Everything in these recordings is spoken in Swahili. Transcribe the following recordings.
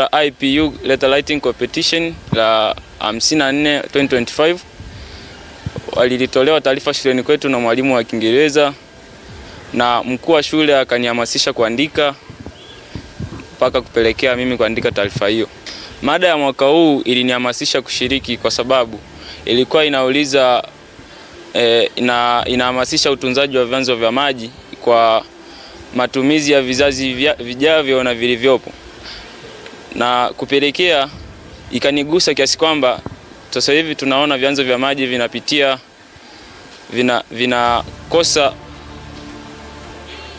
La IPU letter writing competition la 54 2025 walilitolewa taarifa shuleni kwetu na mwalimu wa Kiingereza na mkuu wa shule akanihamasisha kuandika mpaka kupelekea mimi kuandika taarifa hiyo. Mada ya mwaka huu ilinihamasisha kushiriki kwa sababu ilikuwa inauliza e, ina, inahamasisha utunzaji wa vyanzo vya maji kwa matumizi ya vizazi vijavyo na vilivyopo na kupelekea ikanigusa kiasi kwamba sasa hivi tunaona vyanzo vya maji vinapitia vinakosa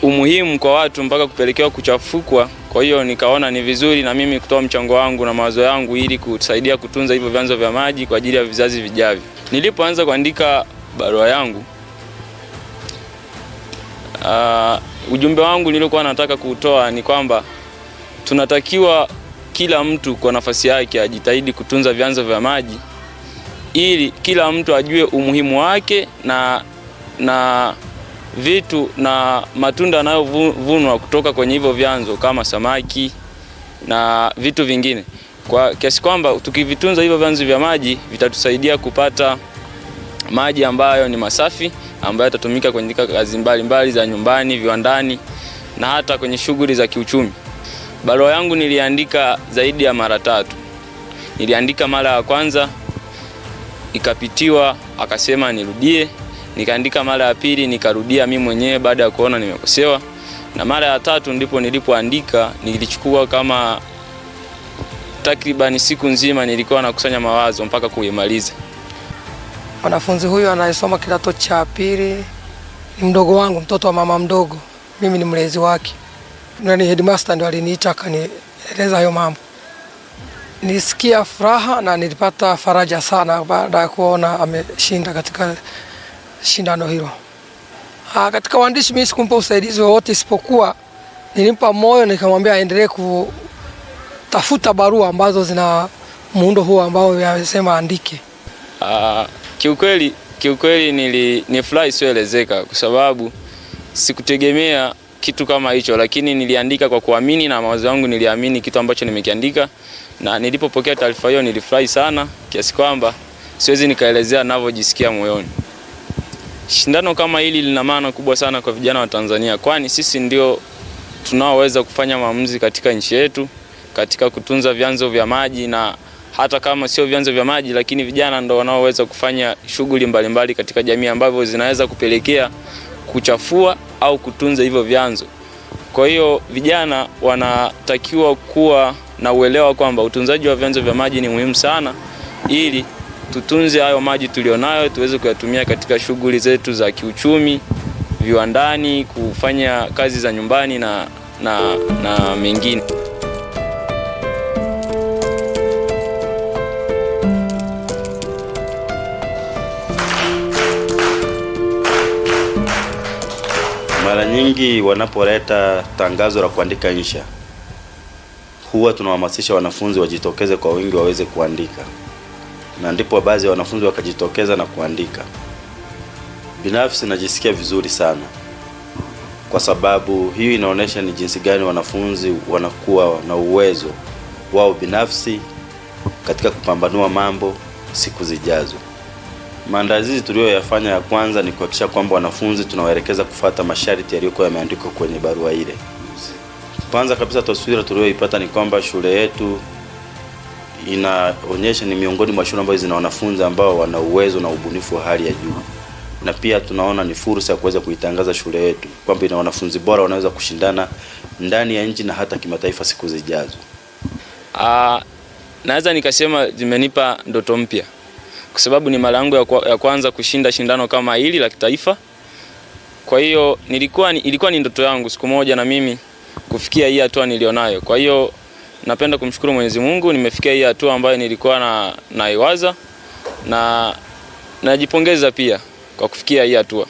umuhimu kwa watu mpaka kupelekewa kuchafukwa. Kwa hiyo nikaona ni vizuri na mimi kutoa mchango wangu na mawazo yangu ili kusaidia kutunza hivyo vyanzo vya maji kwa ajili ya vizazi vijavyo. Nilipoanza kuandika barua yangu, uh, ujumbe wangu niliokuwa nataka kutoa ni kwamba tunatakiwa kila mtu kwa nafasi yake ajitahidi kutunza vyanzo vya maji ili kila mtu ajue umuhimu wake na, na vitu na matunda yanayovunwa kutoka kwenye hivyo vyanzo kama samaki na vitu vingine, kwa kiasi kwamba tukivitunza hivyo vyanzo vya maji vitatusaidia kupata maji ambayo ni masafi ambayo yatatumika kwenye kazi mbalimbali za nyumbani, viwandani na hata kwenye shughuli za kiuchumi. Barua yangu niliandika zaidi ya mara tatu. Niliandika mara ya kwanza ikapitiwa, akasema nirudie. Nikaandika mara ya pili, nikarudia mimi mwenyewe baada ya kuona nimekosewa, na mara ya tatu ndipo nilipoandika. Nilichukua kama takribani siku nzima, nilikuwa nakusanya mawazo mpaka kuimaliza. Mwanafunzi huyu anayesoma kidato cha pili ni mdogo wangu, mtoto wa mama mdogo. Mimi ni mlezi wake nani headmaster ndo aliniita akanieleza hayo mambo. Nisikia furaha na nilipata faraja sana baada ya kuona ameshinda katika shindano hilo. Ha, ah, katika waandishi mimi sikumpa usaidizi wowote isipokuwa nilimpa moyo nikamwambia aendelee kutafuta barua ambazo zina muundo huo ambao amesema andike. Uh, ah, kiukweli kiukweli nili ni furaha isiyoelezeka kwa sababu sikutegemea kitu kama hicho, lakini niliandika kwa kuamini na mawazo yangu, niliamini kitu ambacho nimekiandika, na nilipopokea taarifa hiyo nilifurahi sana kiasi kwamba siwezi nikaelezea ninavyojisikia moyoni. Shindano kama hili lina maana kubwa sana kwa vijana wa Tanzania, kwani sisi ndio tunaoweza kufanya maamuzi katika nchi yetu katika kutunza vyanzo vya maji na hata kama sio vyanzo vya maji, lakini vijana ndo wanaoweza kufanya shughuli mbalimbali katika jamii ambavyo zinaweza kupelekea kuchafua au kutunza hivyo vyanzo. Kwa hiyo vijana wanatakiwa kuwa na uelewa kwamba utunzaji wa vyanzo vya maji ni muhimu sana, ili tutunze hayo maji tulionayo, tuweze kuyatumia katika shughuli zetu za kiuchumi, viwandani, kufanya kazi za nyumbani na, na, na mengine. Mara nyingi wanapoleta tangazo la kuandika insha, huwa tunawahamasisha wanafunzi wajitokeze kwa wingi waweze kuandika, na ndipo baadhi ya wanafunzi wakajitokeza na kuandika. Binafsi najisikia vizuri sana, kwa sababu hii inaonyesha ni jinsi gani wanafunzi wanakuwa na uwezo wao binafsi katika kupambanua mambo siku zijazo. Maandalizi tuliyoyafanya ya kwanza ni kuhakikisha kwamba wanafunzi tunawaelekeza kufuata masharti yaliyokuwa yameandikwa kwenye barua ile. Kwanza kabisa, taswira tuliyoipata ni kwamba shule yetu inaonyesha ni miongoni mwa shule ambazo zina wanafunzi ambao wana uwezo na ubunifu wa hali ya juu, na pia tunaona ni fursa ya kuweza kuitangaza shule yetu kwamba ina wanafunzi bora wanaweza kushindana ndani ya nchi na hata kimataifa siku zijazo. Ah, naweza nikasema zimenipa ndoto mpya kwa sababu ni mara yangu ya kwanza kushinda shindano kama hili la kitaifa. Kwa hiyo nilikuwa, ni, ilikuwa ni ndoto yangu siku moja na mimi kufikia hii hatua nilionayo. Kwa hiyo napenda kumshukuru Mwenyezi Mungu nimefikia hii hatua ambayo nilikuwa na naiwaza na najipongeza na pia kwa kufikia hii hatua.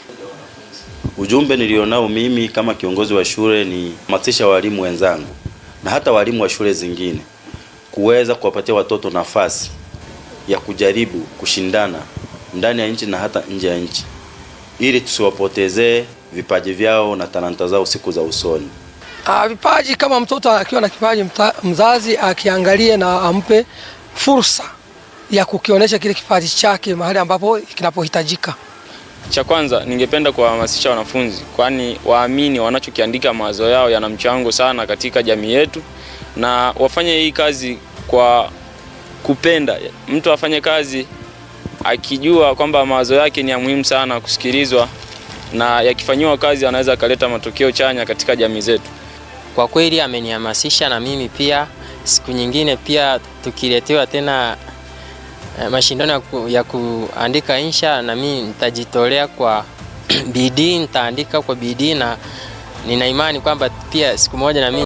Ujumbe nilionao mimi kama kiongozi wa shule ni hamasisha walimu wenzangu na hata walimu wa shule zingine kuweza kuwapatia watoto nafasi ya kujaribu kushindana ndani ya nchi na hata nje ya nchi ili tusiwapotezee vipaji vyao na talanta zao siku za usoni. Ah, vipaji kama mtoto akiwa na kipaji mta, mzazi akiangalie na ampe fursa ya kukionyesha kile kipaji chake mahali ambapo kinapohitajika. Cha kwanza ningependa kuwahamasisha wanafunzi, kwani waamini wanachokiandika mawazo yao yana mchango sana katika jamii yetu, na wafanye hii kazi kwa kupenda mtu afanye kazi akijua kwamba mawazo yake ni ya muhimu sana kusikilizwa, na yakifanyiwa kazi anaweza akaleta matokeo chanya katika jamii zetu. Kwa kweli amenihamasisha na mimi pia, siku nyingine pia tukiletewa tena eh, mashindano ya kuandika insha, na mimi nitajitolea kwa bidii, nitaandika kwa bidii na nina imani kwamba pia siku moja na mimi